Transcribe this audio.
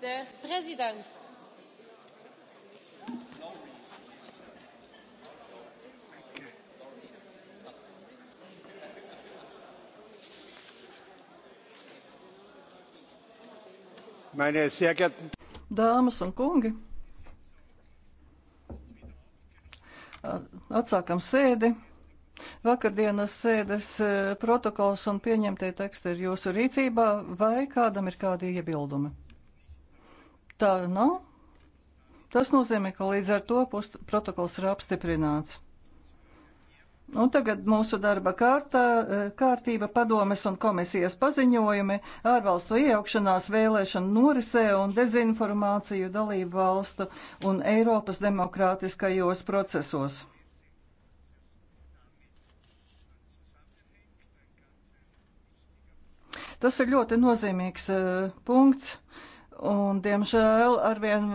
der präsident! meine sehr geehrten Dāmas un kungi, atsākam sēdi. Vakardienas sēdes eh, protokols un pieņemtie teksti ir jūsu rīcībā, vai kādam ir kādi iebildumi? Tā nav. Nu, tas nozīmē, ka līdz ar to protokols ir apstiprināts. Un nu, tagad mūsu darba kārtā, eh, kārtība padomes un komisijas paziņojumi ārvalstu iejaukšanās vēlēšanu norisē un dezinformāciju dalību valstu un Eiropas demokrātiskajos procesos. Tas ir ļoti nozīmīgs uh, punkts. Uh, Un, diemžēl, arvien